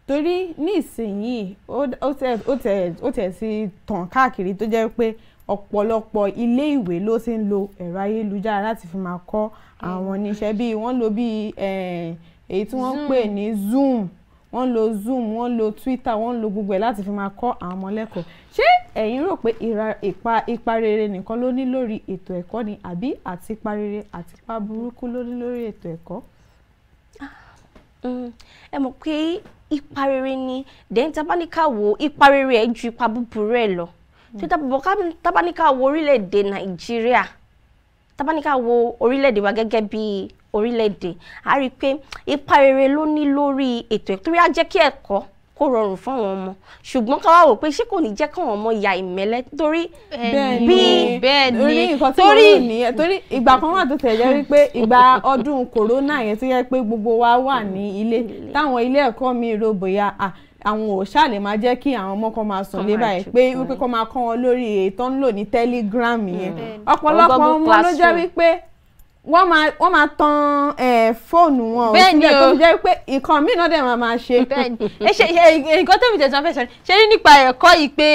torí ní ìsinyìí ó tẹ̀ sí tàn káàkiri tó jẹ́ pé ọ̀pọ̀lọpọ̀ ilé ìwé ló ti ń lo ẹ̀rọ ayélujára láti fi máa kọ́ àwọn mm. níṣẹ́ bíi wọ́n lo bíi èyí tí wọ́n pè ní zoom wọ́n lo zoom wọ́n lo twitter wọ́n lo gbogbo ẹ̀ láti fi máa kọ́ àwọn ọmọ lẹ́kọ̀ọ́ ṣé ẹ̀yin rò pé ipa rere nìkan ló ní lórí ètò ẹ̀kọ́ ni àbí àti ipa rere àti ipa burúkú ló ní lórí ètò ẹ̀kọ́? Mm. ẹ mọ̀ pé ipa rere ni dẹ́ńtà bá ní ká wò ipa rere ẹ̀ ju ipa búburú ẹ̀ lọ tí tábáníkà wo orílẹ̀-èdè nàìjíríà tábáníkà wo orílẹ̀-èdè wa gẹ́gẹ́ bí orílẹ̀-èdè a rí i pé ipa rere ló ní lórí ètò ẹ̀kọ́ torí á jẹ́ kí ẹ̀kọ́ kó rọrùn fún àwọn ọmọ ṣùgbọ́n ká wá wò pé ṣé kò ní jẹ́ káwọn ọmọ ya ìmẹ́lẹ́ torí bí bẹ́ẹ̀ ni torí nǹkan tí wọ́n rò nìyẹn torí ìgbà kan wà tó tẹ̀lé wípé ìgbà ọdún kòrónà yẹn ti yẹ pé gbogbo wa wà ní ilé táwọn ilé ẹ̀kọ́ mi rò bóyá àwọn ò ṣàlè máa jẹ́ kí àwọn ọmọ kan máa sùn lé báyìí pé wípé kan máa kọ́ wọn lórí ètò ń lò ní telegram hmm. yẹn ọ̀pọ̀lọpọ̀ ọmọ ló jẹ́ wípé wọ́n máa wọ́n máa tan fóònù wọn ò sílẹ̀ tó jẹ́ pé ìkan míì náà dẹ̀ máa máa ṣe. ẹ ṣe nǹkan tó mi tẹ̀sán fẹ́ sọ ni ṣe ní nípa ẹ̀kọ́ yìí pé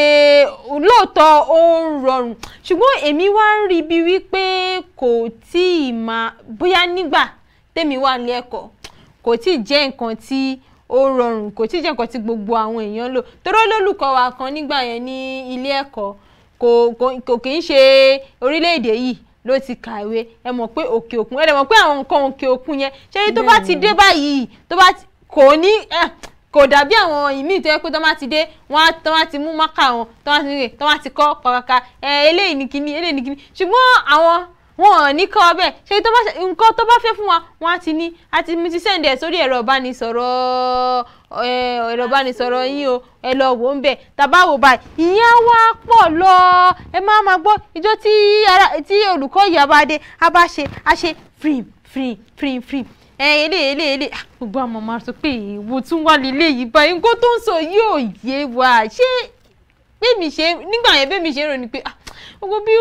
lóòótọ́ ó ń rọrùn ṣùgbọ́n èmi wá ń rí bí wípé kò tí ì máa bóyá nígbà tèmi wà ní ẹ̀kọ́ kò tí jẹ́ nǹkan tí ó rọrùn kò tí jẹ́ nǹkan tí gbogbo àwọn èèyàn lò torí olólùkọ́ wa kan nígbà yẹn ní ilé ẹ̀kọ́ kò kì í ṣe orílẹ̀-èdè yìí ló ti kàwé ẹ mọ̀ pé òkè òkun ẹ lè mọ̀ pé àwọn nǹkan òkè òkun yẹn ṣé ní tó bá ti dé báyìí tó bá kò ní kò dàbí àwọn ìmíì tó yẹ pé tó ti dé wọn tó ti mú mákà wọn tó má ti kọ́ pàkàkà ẹ eléyìí ní kíní eléyìí ní kíní ṣùgbọ́n àwọn wọn ò ní kọ́ bẹ́ẹ̀ ṣe nǹkan tó bá fẹ́ fún wa wọn á ti ní a ti mi ti sẹ́ǹdì ẹ̀ sórí ẹ̀rọ ìbánisọ̀rọ̀ ẹ̀rọ ìbánisọ̀rọ̀ yín o ẹ lọ wò ó ń bẹ̀ tàbá wò báyìí ìyẹn wá pọ̀ lọ ẹ má máa gbọ́ ìjọ tí olùkọ́ yìí bá dé a bá ṣe a ṣe frim frim frim frim ẹyìn ilé ilé ilé ah, gbogbo àwọn ọmọ máa sọ pé ìwò tún wà lílé yìí báyìí nǹkan tó ń sọ yóò yé wa ṣé bẹ́ẹ̀mi ṣe nígbà yẹn bẹ́ẹ̀mi ṣe rò ní pé ah, gbogbo bí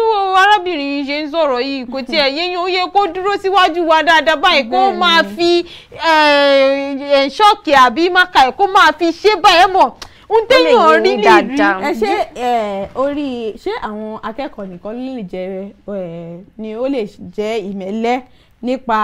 arábìnrin yìí ṣe ń sọ̀rọ̀ yìí kò tiẹ̀ yéyan ó yẹ kó dúró síwájú wa dáadáa báyìí kó máa fi eh, eh, ṣọ́ọ̀kì àbí máka ẹ̀ kó máa fi ṣe báyìí mọ̀ ń téèyàn rí ní ìrí. ẹ ṣe eh, orí ṣé àwọn akẹ́kọ̀ọ́ nìkan lè jẹ́ ni ó lè jẹ́ ìmẹ́lẹ́ nípa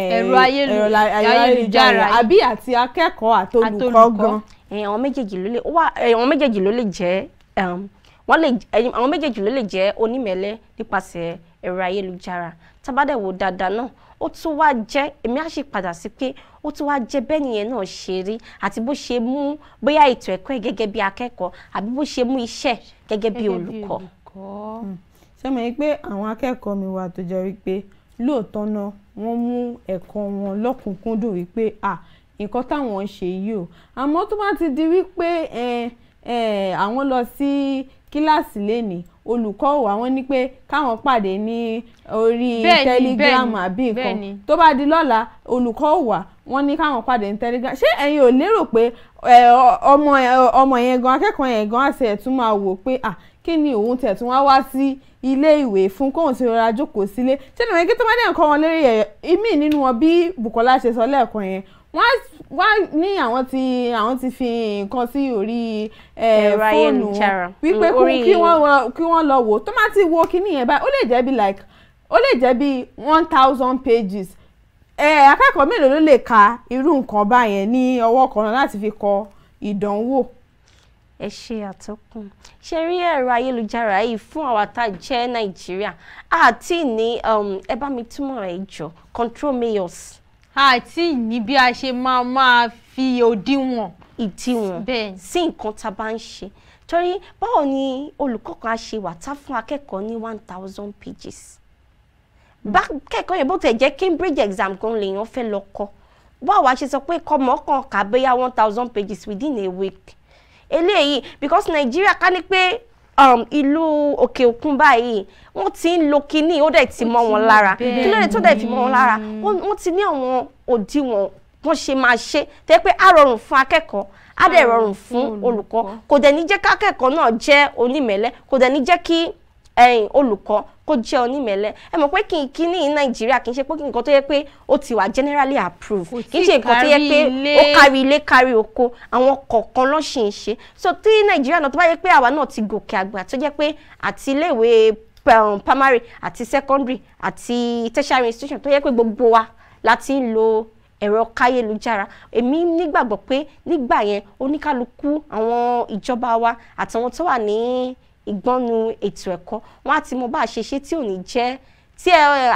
ẹ̀rọ ayélujára àbí àti akẹ́kọ̀ọ́ àtolùkọ́ gan. ẹ̀wọ̀n méjèèjì ló lè jẹ́ Um, wọ́n lè àwọn méjèèjì ló lè jẹ́ onímẹ̀lẹ́ nípasẹ̀ ẹ̀rọ ayélujára tábàdẹ̀wò dáadáa náà ó tún wá jẹ́ èmi á sì padà sí pé ó tún wá jẹ́ bẹ́ẹ̀ nìyẹn náà ṣe rí àti bó ṣe mú bóyá ètò ẹ̀kọ́ ẹ̀ gẹ́gẹ́ bí akẹ́kọ̀ọ́ àbí bó ṣe mú iṣẹ́ gẹ́gẹ́ bí olùkọ́. Hmm. ṣé mo rí i pé àwọn akẹ́kọ̀ọ́ mi wà tó jẹ́ wípé lóòótọ́ náà wọ́n mú ẹ̀kọ́ wọn lọ́kùnkúndùn wípé à nǹkan táwọn ń ṣe yìí o àmọ́ tó bá ti di wípé Eh, àwọn lọ sí kíláàsì lénìí olùkọ́ ò àwọn ní pé káwọn pàdé ní orí telegram àbí nǹkan tó bá di lọ́la olùkọ́ ò wà wọ́n ní káwọn pàdé ní telegram ṣé ẹ̀yin ò lérò pé eh, ọmọ ọmọ yẹn gan akẹ́kọ̀ọ́ yẹn gan àṣẹ ẹ̀tún máa wò pé à kí ni òun tẹ̀tún wá wá sí ilé ìwé fún kóun ti rọra jókòó sílé ṣé tòun yẹn kí tó má dé nǹkan wọn lérí ẹ̀ ìmí nínú wọn bí Bùkọ́lá ṣe sọ lẹ́ẹ̀kan yẹn wọ́n wá ní àwọn ti àwọn ti fi nǹkan sí orí eh, fóònù wípé kí wọ́n lọ wò tó má ti wo kíní yẹn báyìí ó lè jẹ́ bí like ó lè jẹ́ bí one thousand pages akẹ́kọ̀ọ́ mélòó ló lè ka irú nǹkan báyẹn ní ọwọ́ kan náà láti fi kọ ìdánwò. ẹ ṣe àtọkùn ṣe rí ẹ̀rọ ayélujára yìí fún àwa tá nàìjíríà àti ní um, ẹ bá mi túmọ̀ ẹ jọ control mayors àti ní bí a ṣe máa máa fi òdiwọ̀n ìdiwọ̀n sí nǹkan tá a bá ń ṣe torí báwo ni olùkọ́ kan á ṣe wà tá fún akẹ́kọ̀ọ́ ní one thousand pages bá kẹ́kọ̀ọ́ yẹn bó tẹ̀ jẹ́ Cambridge exam kan lèèyàn fẹ́ lọ kọ́ báwo a ṣe sọ pé kọ́mọ kan kà bóyá one thousand pages within a week eléyìí because Nàìjíríà ká ní pé um, ìlú òkè òkun báyìí wọ́n ti ń lo kinní ó dẹ̀ ti mọ́ wọn lára kí ló dé tó dẹ̀ fi mọ́ wọn lára wọ́n ti ní àwọn òdiwọ̀n wọ́n ṣe máa ṣe tẹ́ pé a rọrùn fún akẹ́kọ̀ọ́ á dẹ̀ rọrùn fún olùkọ́ kò dẹ̀ ní jẹ́ kákẹ́kọ̀ọ́ náà jẹ́ onímẹ̀lẹ́ kò dẹ̀ ní jẹ́ kí olùkọ́ kó jẹ́ onímẹ̀lẹ́ ẹ mọ̀ pé kí ní nàìjíríà kì í ṣe pé kí tó yẹ pé ó ti wà generally approved kì í ṣe nǹkan tó yẹ pé ó kárí ilé kárí oko àwọn kọ̀ọ̀kan ló ṣì ń ṣe so tí nàìjíríà náà tó bá yẹ pé àwa náà ti gòkè àgbà tó jẹ́ pé àti iléèwé um, primary àti secondary àti tertiary institution tó yẹ pé gbogbo wa la ti ń lo ẹ̀rọ káyélujára èmi nígbàgbọ́ pé nígbà yẹn oníkálukú àwọn ìjọba wa àtàwọn tó wà ní ìgbọ́nu ètò ẹ̀kọ́ wọn á ti mọ bá a ṣe ṣe tí ò ní jẹ́ tí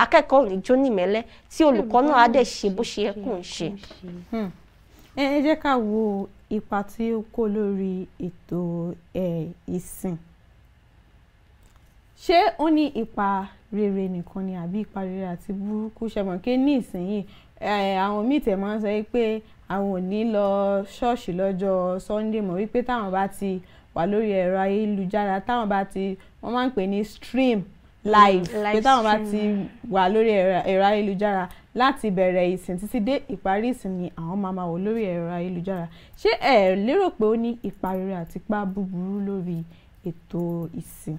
akẹ́kọ̀ọ́ ò ní jó nímẹ̀lẹ́ tí olùkọ́ náà á dẹ̀ ṣe bó ṣe yẹ kó ń ṣe. Hmm. ẹ jẹ́ ká wo ipa tí ó kó lórí ètò ìsìn ṣé ó ní ipa rere nìkan ni àbí ipa rere àti burúkú ṣẹmọ̀ kí ní ìsinyìí àwọn míì tẹ̀ máa ń sọ pé àwọn ò ní lọ ṣọ́ọ̀ṣì lọ́jọ́ sunday mọ́ wípé táwọn bá ti wà lórí ẹ̀rọ ayélujára táwọn bá ti wọ́n máa ń pè ní stream mm, live pé táwọn bá ti wà lórí ẹ̀rọ ayélujára láti bẹ̀rẹ̀ ìsìn títí dé ìparí ìsìn ni àwọn máa máa wò lórí ẹ̀rọ ayélujára ṣé ẹ lérò pé ó ní ipa rere àti ipa búburú lórí ètò ìsìn.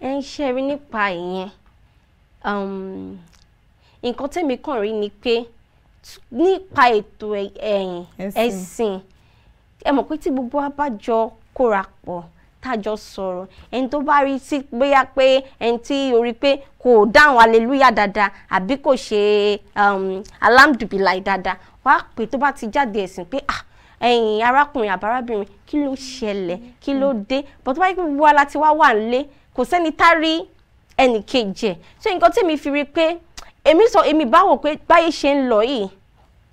ẹ ń ṣe rí nípa ìyẹn um, nǹkan tẹ́mi kàn rí ni pé nípa ètò ẹ̀yìn ẹ̀sìn ẹ mọ̀ pé tí gbogbo wa bá jọ kóra pọ̀ tájọ sọ̀rọ̀ ẹni tó bá rí sí bóyá pé ẹni tí o rí pé kò dáhùn aleluya dáadáa àbí kò ṣe um, alhamdulilayi dáadáa wàá pè tó bá ti jáde ẹ̀sìn pé ah ẹ̀yin arákùnrin àbárábìnrin kí ló ṣẹlẹ̀ kí ló dé bọ́tọ́ báyìí gbogbo wa láti wá wà nílé kò sẹ́ni tá rí ẹnì kejì ẹ̀ ṣé nǹkan tí mi fi rí pé èmi sọ èmi báwo pé báyìí ṣe ń lọ yìí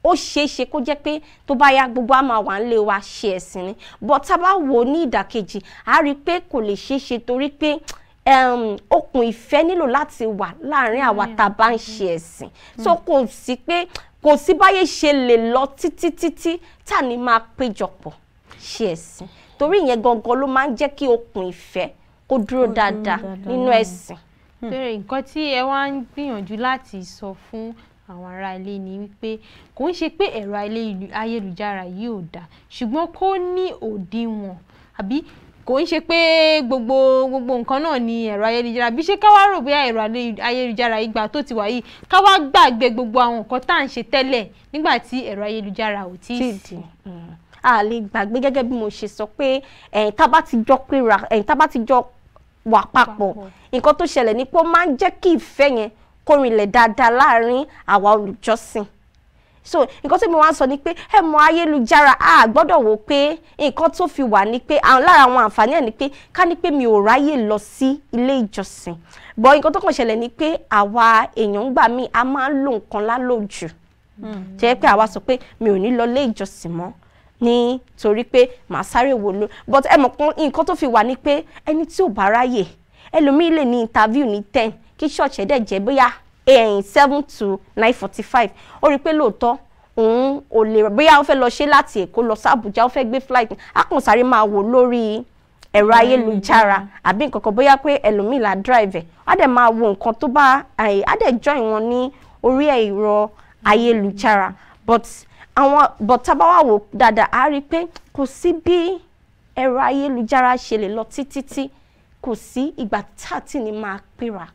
ó ṣeé ṣe kó jẹ́ pé tó bá yá gbogbo àmà wà ń lé wa ṣe ẹ̀sìn ni but tá a bá wò ó ní ìdàkejì a rí i pé kò lè ṣeé torí pé ehm, okùn ìfẹ́ nílò láti wà láàárín àwa mm. tá a bá ń ṣe mm. ẹ̀sìn so kò sí pé kò sí báyé ṣe lè lọ títí títí tá a ní máa péjọpọ̀ ṣe ẹ̀sìn torí ìyẹn gangan ló máa ń jẹ́ kí okùn ìfẹ́ kó dúró dáadáa nínú hmm. ẹ̀sìn. bẹ́ẹ̀ nǹkan tí ẹ wá ń gbìyànjú láti sọ fún àwọn ará ilé ni wípé kò ń ṣe pé ẹ̀rọ ayélujára yìí ò dáa ṣùgbọ́n kó ní òdiwọ̀n àbí kò ń ṣe pé gbogbo gbogbo nǹkan náà ni ẹ̀rọ ayélujára bí ṣe ká wá rò bí ẹ̀rọ ayélujára ìgbà tó ti wà yìí ká wá gbàgbé gbogbo àwọn nǹkan tá à ń ṣe tẹ́lẹ̀ nígbà tí ẹ̀rọ ayélujára ò tí ì sí mm. a lè gbàgbé gẹ́gẹ́ bí mo ṣe sọ pé ẹ̀yìn tá bá ti jọ pé ra ẹ̀yìn tá bá ti jọ wà papọ̀ nǹkan tó ṣẹlẹ̀ ni pé ó máa ń jẹ́ kí ìfẹ́ yẹn kó rinlẹ̀ dáadáa láàrin àwa olùjọ́sìn so nǹkan tí mo wá ń sọ ni pé ẹ mọ ayélujára a gbọ́dọ̀ wò pé nǹkan tó fi wà ni pé lára àwọn àǹfààní ẹ̀ ni pé ká ní pé mi ò ráyè lọ sí ilé ìjọsìn bọ́ nǹkan tó kàn ṣẹlẹ̀ ni pé àwa èèyàn ń gbà mí a máa ń lo nǹkan lálòjù jẹ́ pé àwa sọ pé mi ò ní lọ ilé ìjọsìn mọ́ nítorí pé màá sáré wò ló but ẹ mọ̀ nǹkan tó fi wà ni pé ẹni tí ò bá ráyè ẹlòmíì lè ní interview ní ten kí ṣọ́ọ̀ṣì ẹ̀dẹ̀ jẹ́ bóyá seven to nine forty five ó rí i pé lóòótọ́ òun ò lè bóyá ó fẹ́ lọ ṣe láti Èkó lọ sí Àbújá ó fẹ́ gbé flight á kàn sáré máa wò lórí ẹ̀rọ ayélujára àbí nǹkan kan bóyá pé ẹlòmíì là drive ẹ̀ á dẹ̀ máa wo nǹkan tó bá á dẹ̀ join wọn ní orí ẹ̀rọ ayélujára but àwọn but tá a bá wà wò dáadáa á rí i pé kò sí bí ẹ̀rọ ayélujára ṣe lè lọ títí tí kò sí ìgbà tá a ti ní máa pera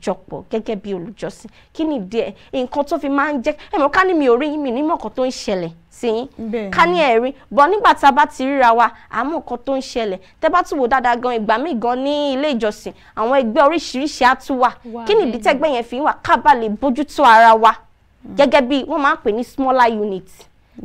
jọpọ̀ gẹ́gẹ́ bí olùjọsìn kí ni ìdí ẹ̀ nǹkan tó fi máa ń jẹ́ ẹ̀mọ́ ká ní mi ò rí mi ní mọ̀kàn tó ń ṣẹlẹ̀ sí yín ká ní ẹ̀rí bọ́ nígbà tá a bá ti ríra wa àmọ́ nǹkan tó ń ṣẹlẹ̀ tẹ́ bá tún wò dáadáa gan ìgbà míì gan ní ilé ìjọsìn àwọn ẹgbẹ́ oríṣiríṣi á tún wà kí ni ìdí tẹ́gbẹ́ yẹn fi wà ká bá lè bójútó ara wa gẹ́gẹ́ bí wọ́n máa ń pè ní smaller unit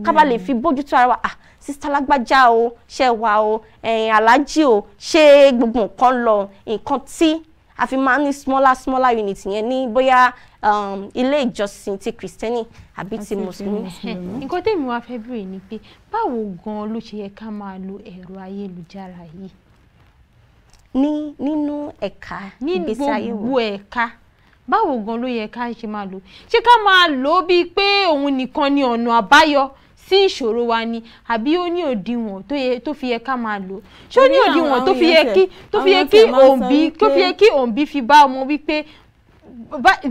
ká bá lè fi bójútó ara wa ah sista lágbájá o ṣẹ́wà o ẹ̀yìn aláàjì o ṣé gbogbo nǹkan lọ nǹkan tí a fi máa ń ní smaller smaller unit yẹn ní bóyá um, ilé ìjọsìn ti kìrìsìtẹ́nì àbí ti mùsùlùmí. nǹkan tèmi wá fẹ́ bèrè ni pé báwo gan-an ló ṣe yẹ ká máa lo ẹ̀rọ ayélujára yìí. ní nínú ẹ̀ka ìgbésí ayé wo. ní gbogbo ẹ̀ka báwo gan-an ló yẹ ká ṣe máa lò ṣé ká máa lò ó bíi pé òun nìkan ni ọ̀nà àbáyọ sí ìṣòro wa ni àbí ó ní òdiwọ̀n tó fi yẹ ká máa lò ṣé ó ní òdiwọ̀n tó fi yẹ kí tó fi yẹ kí òǹbí tó fi yẹ kí òǹbí fi bá ọmọ wípé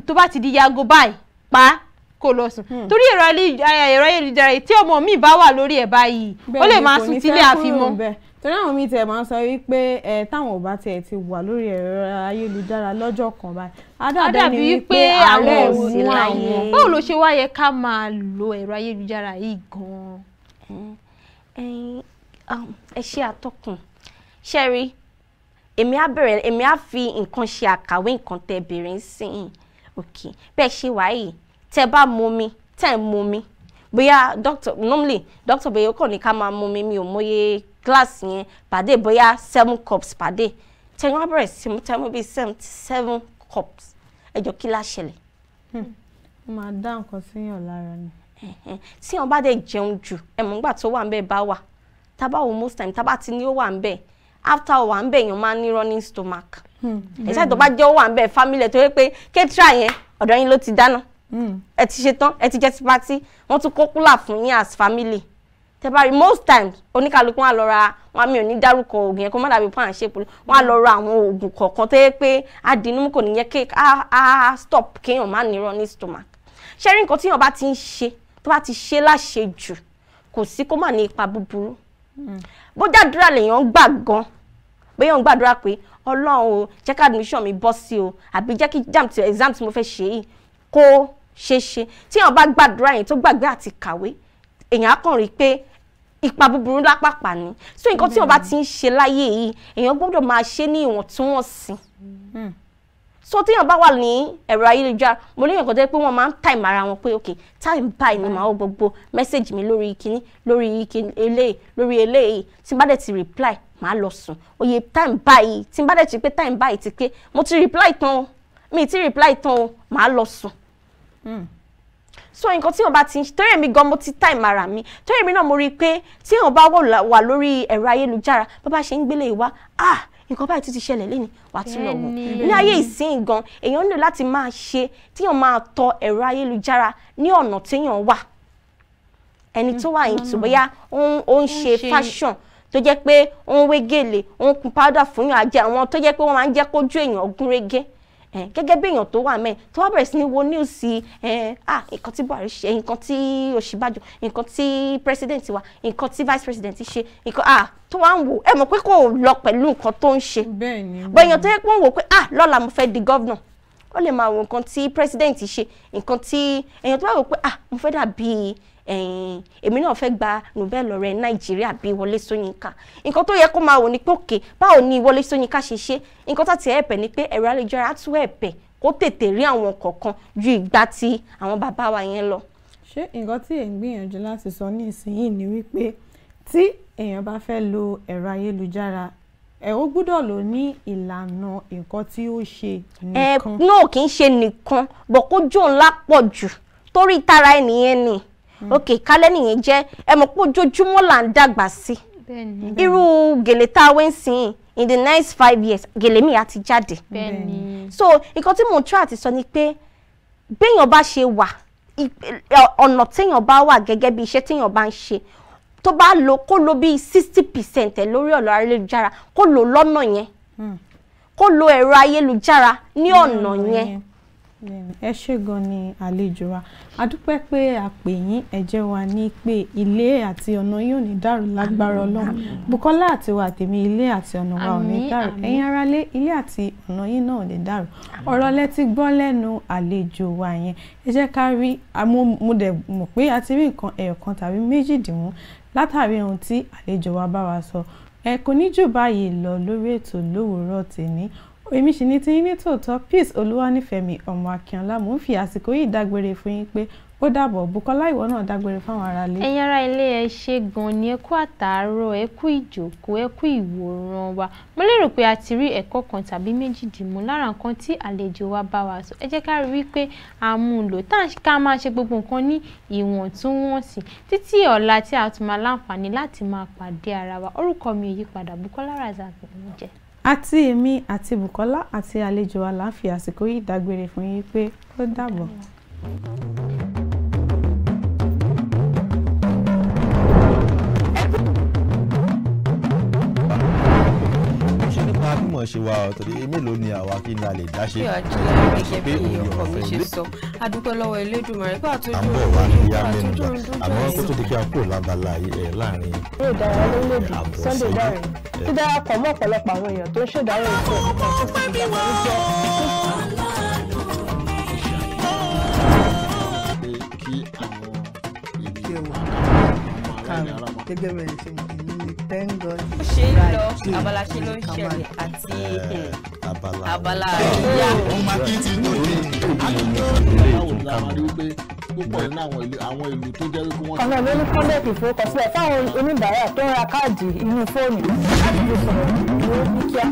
tó bá ti di yago báyìí pa á kó lọ sùn hmm. torí ẹ̀rọ ayélujára tí ọmọ mi bá wà lórí ẹ̀ báyìí ó lè máa sùn tílé àfimọ́ torí àwọn míì tiẹ̀ máa ń sọ wípé ẹ táwọn ò bá tiẹ̀ ti wà lórí ẹ̀rọ ayélujára lọ́jọ́ kan báyìí adàbí wípé àwọn ò sí láyé báwo ló ṣe wá yẹ ká máa lo ẹ̀rọ ayélujára yìí gan-an. Um, ẹ ṣe àtọkùn ṣẹ́rí èmi á bẹ̀rẹ̀ èmi á fi nǹkan ṣe àkàwé nǹkan tẹ bèrè ń sìn ín òkè bẹ́ẹ̀ ṣe wáyé tẹ bá mu mi tẹ ń mi bóyá doctor normally doctor bẹ̀yẹ̀ ó kàn ní ká máa mu mi mi ò mọyé glass yẹn pàdé bóyá seven cups pàdé Ten wá bẹ̀rẹ̀ sí mu tẹ́mu bíi seven cups ẹ jọ kí la ṣẹlẹ̀. Hmm. ó máa dá nǹkan síyàn lára ni. tí wọn bá dẹ̀ jẹun jù ẹ̀mọ́ ńgbà tó wà ń bẹ̀ bá wà tá a bá wo most time tá a bá ti ní ó wà ń bẹ̀ after ó wà ń bẹ̀ èèyàn máa ní running stomach. Hmm. ẹ̀sẹ̀ tó bá jẹ́ ó wà ń bẹ̀ family ẹ̀ tó yẹ pé kẹ́tìrà yẹn ọ̀dọ̀ yín ló ti dáná hmm. ẹ ti ṣe tán ẹ ti jẹ ti pati wọ́n tún kó kúlà fún yín as family tẹbari most times oníkàlùkù wọn á lọ ra wọn àmì òní dárúkọ oògùn yẹn kó má dàbí pàǹ ṣe polówó wọn á lọ ra àwọn oògùn kọ̀ọ̀kan tó yẹ pé adìnnú kò ní yẹ kí á stop kéèyàn má nírọ ní stomach ṣé rí nǹkan tíyàn bá ti ń ṣe tó bá ti ṣe láṣejù kò sí kó má ní ipa búburú hmm. bó jádúrà lèèyàn gbà gan béèyàn gbàdúrà pé ọlọ́run o jẹ́ ká admission mi bọ́ sí o àbí jẹ́ kí jam ti exam tí mo fẹ́ ṣe yìí kó ṣeé ṣe tíyàn bá gbàdúrà yẹn tó gbàgbé àti kàwé èèyàn kàn rí pé ipa búburú lápapà ni so nǹkan tí wọn bá ti ń ṣe láyé yìí èèyàn gbọ́dọ̀ máa ṣe ní ìwọ̀ntúnwọ̀nsì hmm. so téèyàn bá wà ní ẹ̀rọ ayélujára mo ní nǹkan pé wọ́n máa ń time ara wọn pé ok time báyìí ni màá gbogbo message mi lórí kíní lórí eléyìí lórí eléyìí tí bá dẹ̀ ti reply màá lọ sùn oye time báyìí tí bá dẹ̀ ti pé time báyìí ti pé mo ti reply tán o mi ti reply tán o màá lọ sùn. Mm so nǹkan tí wọn bá ti torí èmi gan mo ti time ara mi torí èmi náà mo rí i pé tí wọn bá wà lórí ẹ̀rọ ayélujára bó bá ṣe ń gbélé ah nǹkan báyìí tún ti ṣẹlẹ̀ lẹ́ni wà á tún lọ wò ní ayé ìsìn gan èèyàn nílò láti máa ṣe tíyàn máa tọ ẹ̀rọ ayélujára ní ọ̀nà téèyàn wà ẹni tó wà yìí tó hmm. bóyá ó ń ṣe fashion tó jẹ́ pé ó ń wé gèlè ó ń kun powder fún yàn àjẹ àwọn tó jẹ́ pé wọ́n máa ń jẹ́ kójú èèyàn gúnrégé gẹ́gẹ́ bí èèyàn tó wà mẹ́ẹ̀ tó wá bẹ̀rẹ̀ sí ní wo news ah nǹkan tí Buhari ṣe nǹkan tí Ọ̀ṣínbàjò nǹkan tí president wa nǹkan tí vice president ṣe nǹkan ah tó wá ń wò ẹ mọ̀ pé kò lọ pẹ̀lú nǹkan tó ń ṣe bẹ́ẹ̀ ni bọ́ èèyàn tó yẹ pé ń wò pé ah lọ́la mo fẹ́ di governor ó lè máa wo nǹkan tí president ṣe nǹkan tí èèyàn tó bá wò pé ah mo fẹ́ dàbí èmi náà fẹ́ gba nobel lọ́rẹ́ nàìjíríà bíi wọlé ṣóyínká nǹkan tó yẹ kó máa wò ní pé òkè báwo ni wọlé ṣóyínká ṣe ṣe nǹkan tàti ẹ̀pẹ̀ ni pé ẹ̀rọ ayélujára tún ẹ̀pẹ̀ kó tètè rí àwọn kọ̀ọ̀kan ju ìgbà tí àwọn bàbá wa yẹn lọ. ṣé nǹkan tí èyí ń gbìyànjú láti sọ ní ìsinyìí ni wípé tí èèyàn bá fẹ́ lo ẹ̀rọ ayélujára ẹ o gbúdọ̀ lò ní ìlànà nǹkan tí ó ṣe nìkan. ẹ náà kì í ṣe nìkan bọ̀ kójú ńlá pọ̀ jù torí tara ẹnìyẹn ni hmm. ok kálẹ̀ nìyẹn jẹ́ ẹ mọ̀ pé ojoojúmọ́ là ń dàgbà sí i irú gèlè tá a wé ń sìn in the next five years gèlè mi á ti jáde hmm. so nǹkan tí mò ń try àti sọ ni pé béèyàn bá ṣe wà ọ̀nà téèyàn bá wà gẹ́gẹ́ bí iṣẹ́ téèyàn bá ń ṣe tó bá lò kó lò bíi sixty percent ẹ̀ lórí ọ̀rọ̀ ayélujára kó lò lọ́nà yẹn hmm. kó lò ẹ̀rọ ayélujára ní ọ̀nà yẹn. ẹ ṣé gan ni àlejò wa adúpẹ́ pé àpè yín ẹ̀jẹ̀ wa ní pé ilé àti ọ̀nà yóò ní dàrú lágbára ọlọ́run Bùkọ́lá àti wa tèmi ilé àti ọ̀nà wa ò ní dàrú ẹ̀yin aráalé ilé àti ọ̀nà yín náà ò ní dàrú ọ̀rọ̀ lẹ ti gbọ́ lẹ́nu àlejò wa yẹn ẹ jẹ́ ká rí mo dẹ̀ mọ̀ pé a ti rí nǹkan ẹ̀ẹ̀kan tàbí méjì látàrí ohun tí àlejò wa bá wa sọ ẹ kò ní jù báyìí lọ lórí ètò lówùúrọ̀ tèmi èmi sì ní tiyín nítòótọ́ peace olúwanífẹ̀mí ọmọ akínọlá mò ń fi àsìkò yìí dágbére fún yín pé ó dàbọ̀ Bùkọ́lá ìwọ náà dágbére fáwọn aráalé. ẹ̀yin ará ilé ẹ ṣe gan-an ni ẹ kú àtàárọ̀ ẹ kú ìjòkó ẹ kú ìwòran wa mo lérò pé a ti rí ẹ̀kọ́ kan tàbí méjì dìmú lára nǹkan tí àlejò wa bá wa sọ ẹ jẹ́ ká rí wípé a mú un lò tá ká máa ṣe gbogbo nǹkan ní ìwọ̀ntúnwọ̀nsì títí ọ̀la tí a tún máa láǹfààní láti máa pàdé ara wa orúkọ mi ò yí padà Bùkọ́lá Razak mi jẹ́ àti èmi àti Bùkọ́lá àti àlejò wa là àsìkò yìí dágbére fún yín pé ó dàbọ̀. Thank you. mọ̀ ṣe wa ọ̀ torí mélòó ni àwa kí n la lè dá ṣe. yóò jẹ́ gẹ́gẹ́ bí ọkọ mi ṣe sọ a dúpẹ́ lọ́wọ́ Elédùmarè pé àtúntò ń bọ̀ wá ní ìyá àmọ́ kó tó di kí a kúrò lábala ẹ̀ láàrin. eré ìdárayá lórílẹ̀‐èdè Sunday Dare dídarapọ̀ mọ́ ọ̀pọ̀lọpọ̀ ṣe mọ̀ thank God. ó ṣe é lọ abala ṣe ló ń ṣẹlẹ̀ àti eh, abala àríyá. ọmọ akéèntì inú rẹ̀ àtúntò ìyàwó ìlú àwọn wípé àwọn ìlú àwọn ìlú tó jẹ́ wípé wọ́n. ọ̀nà mi kọ́ńdẹ̀tì ìfowópamọ́sílẹ̀ fáwọn oníbàárà tó ń ra káàdì inú fóònù láti fi sọ̀rọ̀ ní kíá.